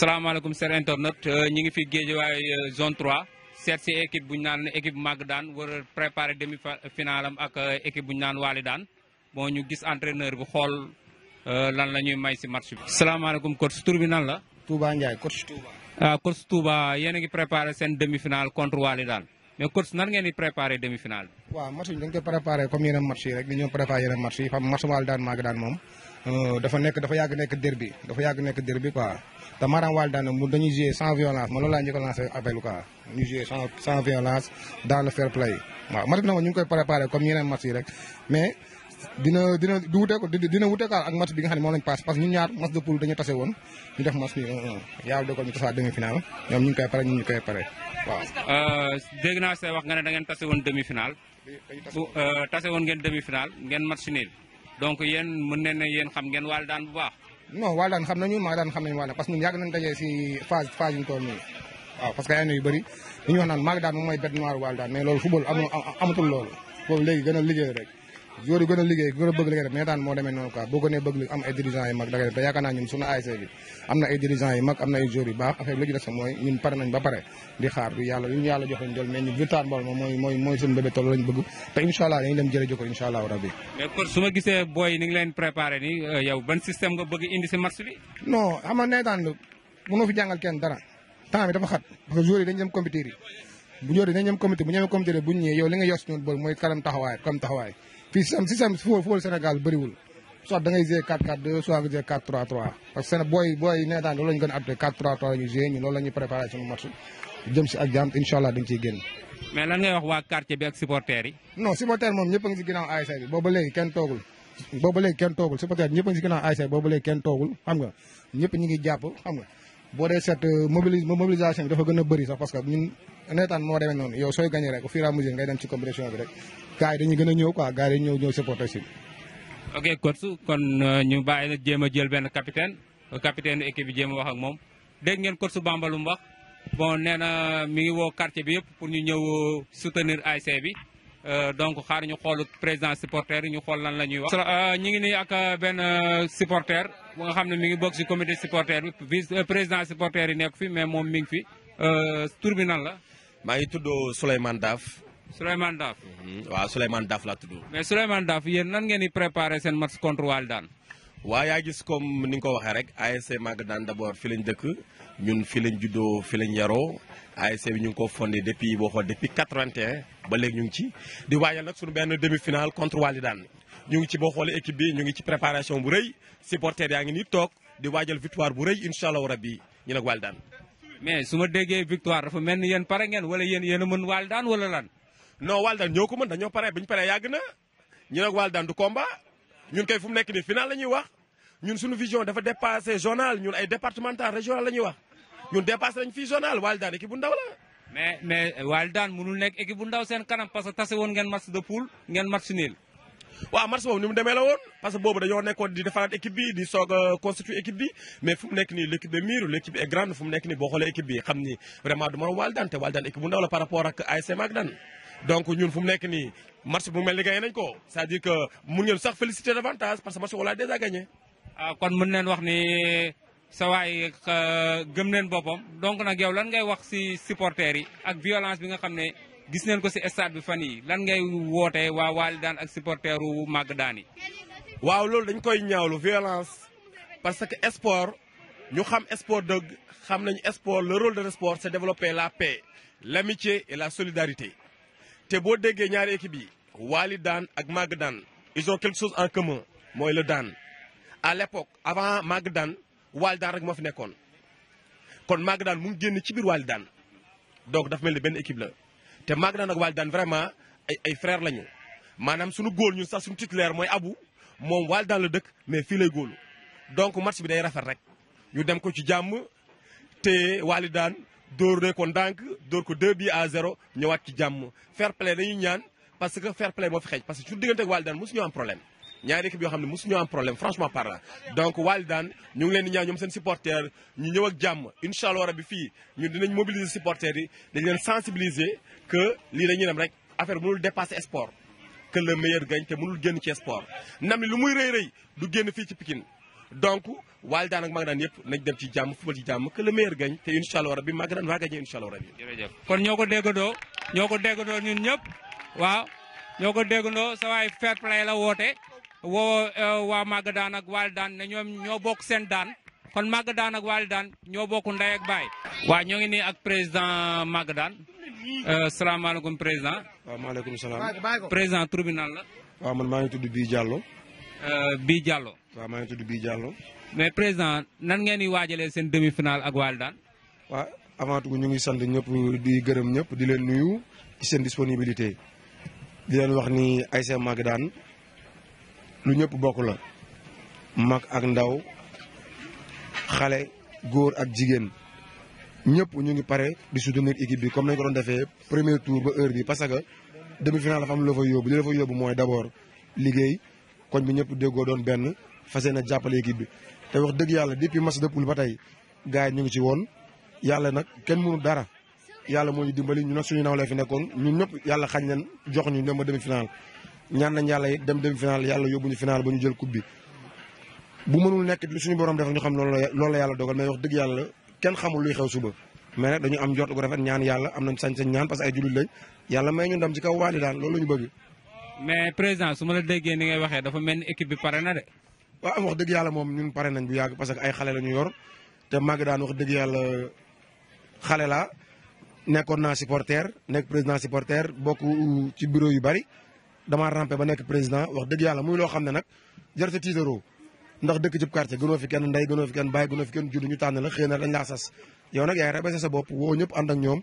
salaamaaleykum seen internet euh, ñi ngi fi Géejawaay euh, zone 3 seet si équipe bu ñu naan équipe màgg daan war a préparer demi finale am ak euh, équipe bu ñu naan waali daan moo ñu gis entraîneur bi xool lan la ñuy may si match bi. salaamaaleykum coach tur bi nan la. Touba Ndiaye coach Touba. ah coach Touba yéen a ngi préparé seen demi finale contre waali daan mais coach nan ngeen di demi finale bi. waaw match yi rek ni ñoo préparé Euh, dafa nekk dafa yàgg nekk derby dafa yàgg nekk derby quoi te Maram Wally daan na mu dañuy jouer ma loolu laa njëkk a lancé appel ñu jouer sans sans violence dans xam ne demi final ñoom euh, wax nga ne da ngeen tase woon demi final. dañu euh, tase woon ngeen demi final ngeen match nul donc yéen mën nañ ne yéen xam ngeen waal daan bu baax. non waal daan xam nañu maa daan xam nañu waal daan parce que ñun yàgg nañ dajee si phase phase yu tool nii waaw parce que ay na yu bëri dañuy wax naan maa daan moom mooy bête noire waal daan mais loolu football amul loolu boobu léegi gën a rek jori gëna gën a liggéey gën bëgg li ngay def mo démé non quoi bu ko né bëgg li am ay dirigeants yu mag da nga da te yaakaar ñun suñu ASC bi amna ay dirigeants yu mag amna ay jori yu baax affaire bi ci des moy ñun paré nañ ba paré di xaar bi yalla luñu yalla jox ndol jël mais ñun victoire bool moom moy mooy mooy suñu bébé tollu lañ bëgg té inshallah dañ dañuy dem jëlé joko inshallah rabbi mais kon suma gisé boy ni ngi leen préparé ni euh, yow ban système nga bëgg indi ci match bi non xama né nga lu mëno fi jàngal kenn dara temps bi dafa xat parce que joueurs dañ dem compétir yi bu ñëw dañ ñëm comité bu ñëw comité bu ñëw yow li nga yoss si ñun boobu mooy kanam taxawaay comme taxaway fii si am si am football football Sénégal bëriwul soit da ngay jouer 4-4-2 soit nga jouer 4-3-3 parce que booy booy neetaan loolu ñu gën a apte 4-3-3 ñu loolu la ñuy préparé suñu match jëm si ak jàmm incha allah dañ génn. mais lan ngay wax waa quartier bi ak supporters yi. non supporters moom ñëpp a ngi si ginnaaw ASC bi boobu ba kenn toogul boobu ba kenn toogul supporters ñëpp a ngi si ginnaaw ASC boobu ba kenn toogul xam nga ñëpp boo dee seet euh, mobilisation bi dafa gën a bëri sax parce que neetaan moo demee noonu yow sooy gagné rek au fur et à mesure ngay dem ci compétition bi rek gars yi dañuy gën a ñëw quoi gars yi dañuy ñëw ñëw supporter si. ok kon euh, ñu bàyyi la jéem a jël benn capitaine capitaine équipe bi jéem a wax ak moom dégg ngeen coach Bamba lu mu wax bon nee na mi ngi woo quartier bi yëpp pour ñu ñëw soutenir ASC bi. Euh, donc xaar ñu xool président supporter ñu xool lan la ñuy wax. Euh, ñu ngi ni ak euh, benn supporter bu nga xam ne mi ngi bokk si comité supporter bi vice président supporter yi nekk fi mais moom mi ngi fi tur nan la. maa ngi tudd Souleymane Daaf. Souleymane Daaf. Mhm. waaw Souleymane Daaf laa tudd. mais Souleymane Daaf yéen nan ngeen di préparé seen match contre Waalidaan. waa yaa gis comme ni nga ko waxee rek ASC Magadan d'abord fi lañ dëkk ñun fi lañ juddoo fi lañ yaroo ASC bi ñu ngi ko fondé depuis boo xool depuis 81 ba léegi ñu ngi ci di waajal nag benn demi finale contre Walidane ñu ngi ci boo xoolee équipe bi ñu ngi ci préparation bu rëy supporter yaa ngi nii toog di waajal victoire bu rëy incha allahu bi ñu nag daan mais su ma déggee victoire dafa mel ni yéen pare ngeen wala yéen yéen a mën Walidane wala lan non Walidane ñoo ko mën dañoo pare bi ñu paree yàgg na ñu nag Walidane du combat ñun kay fu mu nekk nii final la ñuy wax ñun suñu vision dafa dépassé zonal ñun ay départemental régional la ñuy wax ñun dépassé nañ fii zonal Walidane équipe bu ndaw la. mais mais Walidane mënul nekk équipe bu ndaw seen kanam parce que tase woon ngeen match de poule ngeen match nul. waaw match boobu ni mu demee la woon parce que boobu dañoo nekkoon di defaraat équipe bi di soog a équipe bi mais fu nekk nii l' équipe de mur l' équipe est grande nekk nii donc ñun fu mu nekk nii match bu mel ni gagné nañ ko c'est-à-dire que mun ngeen sax féliciter davantage parce que match wala déjà gagné. Ah, kon mun neen wax ni sa waay euh, gëm neen boppam donc nag yow lan ngay wax si supporters yi ak violence bi nga xam ne gis neen ko si stade bi fan yi lan ngay wootee waa daan ak supporters wu màgg daan yi. waaw loolu dañ koy ñaawlu violence parce que sport ñu xam sport dëgg xam nañu sport le rôle de sport c'est développer la paix l'amitié et la solidarité. te boo déggee ñaari équipe yi Wali ak Magdan, ils ont quelque chose en commun Moi le Dan. à l'époque avant Magdan, Walidane Wali daan rek moo fi nekkoon kon Mag daan mu ngi ci Wali donc dafa mel ni équipe la Magdan Mag Wali vraiment ay frères lañu maanaam suñu góol ñun sax suñu titulaire Moi, abu mon Wali le la dëkk mais fii lay góolu donc match bi day Nous rek ñu dem ko ci Wali dóor ko ndànk dóor ko 2 bi à 0 ñewat ci jamm fair play dañuy ñaan parce que fair play moo fi xej parce que ci diggante ak Walidane mosu ñu am problème ñaari équipe yo xam ne ñu am problème franchement parlant donc Waldan ñu ngi leen ñaan ñom seen supporters ñu ñew ak jamm inshallah allah rabbi fii ñun dinañ mobiliser supporters yi dañ leen sensibiliser que li lañu ñuy rek affaire mënul dépasser sport que le meilleur gagne té mënul gën ci sport ndam lu muy rëy rëy du gën fi ci Pikine donc Walidaan ak Magadan yëpp nañ dem ci jàmm football ci jàmm que le meilleur gagne te incha allah rabi Magadan waa gagné incha allah rabi. jërëjëf kon ñoo ko déggandoo ñoo ko déggandoo ñun ñëpp waaw ñoo ko déggandoo sa waay fair play la woote woo euh, waa Magadan ak Walidaan ne ñoom ñoo bokk seen daan kon Magadan ak daan ñoo bokk ndey ak baay. waa ñoo ngi nii ak président Magadan euh, salaamaaleykum président. waaw maaleykum salaam président tribunal la. waaw man maa ngi tudd Bi Diallo. Euh, bi Diallo. waaw maa ngi tudd Bi Diallo. mais président nan ngeen demi final ak Waalidaan. waaw avant tout ñu ngi sant ñëpp di gërëm di leen nuyu ci disponibilité di leen wax ni ASC Magadan lu la. mag ak ndaw xale góor ak jigéen ñëpp ñu ngi pare di soutenir équipe bi comme nañ ko premier tour ba heure bi parce que demi final dafa am la fa yóbbu la fa d'abord koñ bi ñëpp déggoo doon benn fas yéene jàppale équipe bi te wax dëgg yàlla depuis match de poule ba tey gars yi ñu ngi ci woon yàlla nag kenn mënu dara yàlla moo ñu dimbali ñu nag suñu nawlee nekkoon ñun ñëpp yàlla xañ leen jox ñu dem ba demi final ñaan nañ yàlla dem demi final yàlla yóbbuñu final ñu jël bu mënul nekk lu suñu borom def ñu xam loolu la yàlla dogal mais wax dëgg yàlla kenn xamul luy xew suba mais nag dañu am jot gu rafet ñaan yàlla am nañ sañ-sañ ñaan parce que ay jullit lañ yàlla may ñu ndam ci kaw waali daal loolu la ñu bëgg mais président su ma la déggee ni ngay waxee dafa mel ni équipe bi pare na de. waaw wax dëgg yàlla moom ñun pare nañ bu yàgg parce que ay xale la ñu yor te màgg daan wax dëgg yàlla xale laa nekkoon naa supporter nekk président supporter bokk ci bureau yu bari damaa rampé ba nekk président wax dëgg yàlla muy loo xam ne nag jar sa tiitaroo ndax dëkk cib quartier gënoo fi kenn ndey gënoo fi kenn bàyyi gënoo fi kenn judd ñu tànn la xëy na dañ laa sas yow nag yaay rebe sa bopp woo ñëpp ànd ak ñoom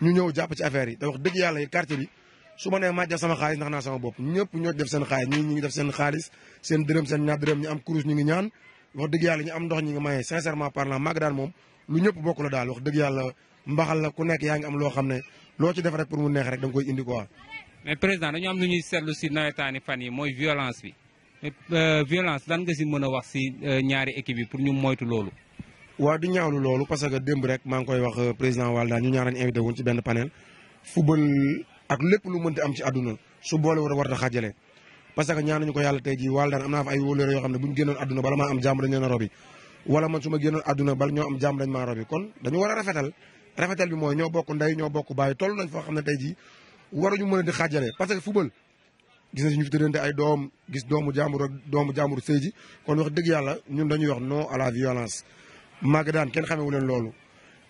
ñu ñëw jàpp ci affaire yi te wax dëgg yàlla yi quartier bi su ma nee ma def sama xaalis ndax naa sama bopp ñëpp ñoo def seen xaalis ñii ñu def seen xaalis seen dërëm seen ñaar dërëm ñu am kurus ñu ngi ñaan wax dëgg yàlla ñu am ndox ñu ngi maye sincèrement parlant màgg daan moom lu ñëpp bokk la daal wax dëgg yàlla mbaxal la ku ngi am loo xam ne loo ci def rek pour mu neex rek da nga koy indi quoi. mais président dañu am lu ñuy seetlu si nawetaani fan yi mooy violence bi euh, violence lan nga si mën a wax si euh, ñaari équipe yi pour ñu moytu loolu. waaw di ñaawlu loolu parce que démb rek maa ngi koy wax euh, président Walla ñu ñaar ñu invité woon ci benn panel football ak lépp lu mënti am ci àdduna su boole war a war a xaajale parce que ñaanuñu ko yàlla tey jii wàll daan am naa fa ay wóolóore yoo xam ne bu ñu génnoon àdduna bala maa am jàmm dañ leen a robi wala man ñoo am jàmm dañ maa robi kon dañu war a rafetal rafetal bi mooy ñoo bokk ndey ñoo bokk bàyyi toll nañ foo xam ne tey jii waruñu ñu a di xaajale parce que football gis nañu fi tëddante ay doom gis doomu jàmbur ak doomu jàmbur sëy ji kon wax dëgg yàlla ñun dañuy wax non à la violence màgg daan kenn x leen loolu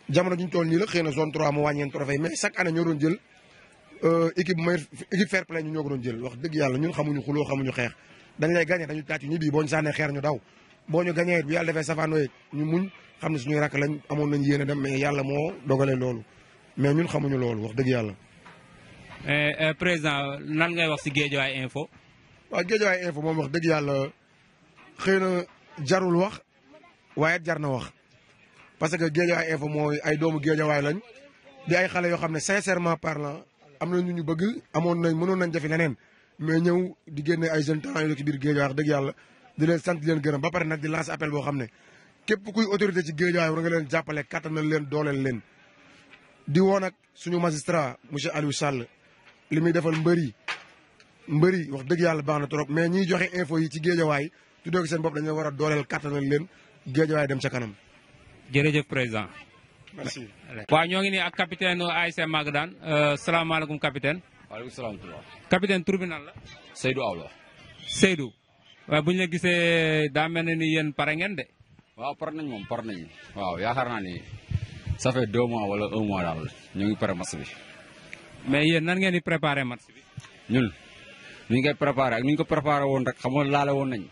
jamono juñ toll nii la xëy jël Euh, équipe may équipe fair play ñu ñoo ko doon jël wax dëgg yàlla ñun xamuñu xuloo xamuñu xeex dañ lay gagné dañu tàcc ñu bii boo ñu sànnee xeer ñu daw boo ñu gagné bu yàlla defee safaanooye ñu muñ xam ne suñuy rakk lañ amoon nañ yéene dem mais yàlla moo dogalee loolu mais ñun xamuñu loolu wax dëgg yàlla eh, eh, président nan ngay wax si Guédiawaye info waaw Guédiawaye info moom wax dëgg yàlla xëy na jarul wax waaye jar na wax parce que Guédiawaye info mooy ay doomu Guédiawaye lañ di ay xale yoo xam ne sincèrement parlant am na ñu ñu bëgg amoon nañ mënoon nañ jafe leneen mais ñëw di génne ay gent talents yu ci biir géejawaay wax dëgg yàlla di leen sant di leen gërëm ba pare nag di lancer appel boo xam ne képp kuy autorité ci géejawaay war nga leen jàppale kattanal leen dooleel leen. di woo nag suñu magistrat monsieur Aliou Sall li muy defal mbëri mbëri wax dëgg yàlla baax na trop mais ñiy joxe info yi ci géejawaay tuddee ko seen bopp dañu war a dooleel kattanal leen géejawaay dem ca kanam. jërëjëf président. merci waaw ñoo ngi nii ak capitaine ASC Magadan euh, salaamaaleykum capitaine. waaleykum salaam. capitaine tur bi nan la. Seydou Aw la. Seydou. bu ñu la gisee daa mel ne ni yéen pare ngeen de. waaw pare nañ moom pare nañ waaw yaakaar naa ni ça fait wala un daal ñu ngi pare match bi. mais yéen nan ngeen yi préparé match bi. ñun ñu ngi koy préparé ak ñu ngi ko préparé woon rek xam nga laale woon nañ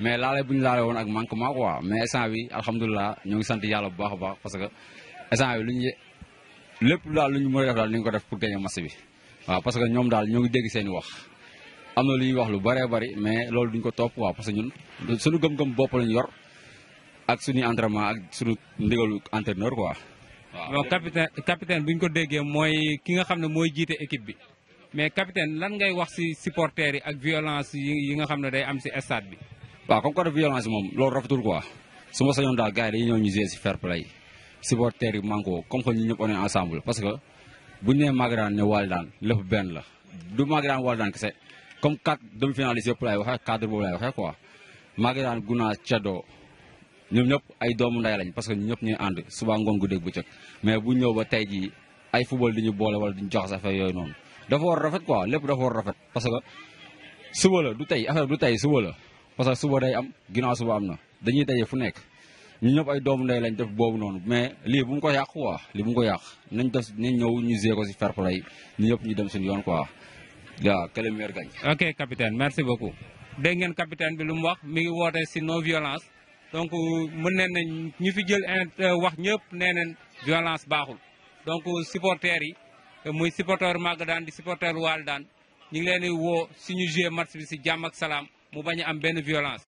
mais laale bu ñu laale woon ak manquement quoi mais instant bi alhamdulilah ñoo ngi sant yàlla bu baax a baax parce que bi lu ñu lépp daal lu ñu mën a def daal ñu ngi ko def pour gagner match bi waa parce que ñoom daal ñoo ngi dégg seen wax am na lu ñuy wax lu bëree bari mais loolu duñ ko topp quoi parce que ñun suñu gëm-gëm bopp ñu yor ak suñuy entraînement ak suñu ndigalu entraîneur quoi. waaw capitaine capitaine ñu ko déggee mooy ki nga xam ne mooy jiite équipe bi mais capitaine lan ngay wax ci supporters yi ak violence yi nga xam ne day am ci stade bi. waaw comme côté violence moom loolu rafetul quoi su sañoon daal gars yi dañuy ñëw ñu jouer si fair play supporters yi manko comme que ñu ñëpp on est ensemble parce que buñu nee benn la du Maguirane Wally comme quatre demi-finalistes yëpp laay waxee cadre boobu laay waxee quoi ñoom ñëpp ay doomu nday lañ parce que ñëpp ñuy ànd suba ngoon gu bu mais bu ñëw ba tey jii ay football di ñu boole wala diñu jox affaire yooyu noonu dafa war rafet quoi lépp dafa war rafet parce que suba la du tey affaire du tey suba la parce que suba day am ginnaaw suba am na dañuy daje fu nekk ñu ñëpp ay doomu ndey lañ def boobu noonu mais lii bu mu ko yàq quoi lii bu mu ko yàq nañ def nañ ñëw ñu gérer ko si fair play ñu ñëpp ñu dem suñu yoon quoi waaw que le meilleur ok capitaine merci beaucoup. dégg ngeen capitaine bi lu mu wax mi ngi woote si non violence donc mën nañ ne ñu fi jël euh, wax ñëpp nee nañ violence baaxul donc supporters yi muy supporter Magadan di supporter Waalidaan ñu ngi leen di woo suñu jouer match bi si jàmm ak salaam. mu bañ a am benn violence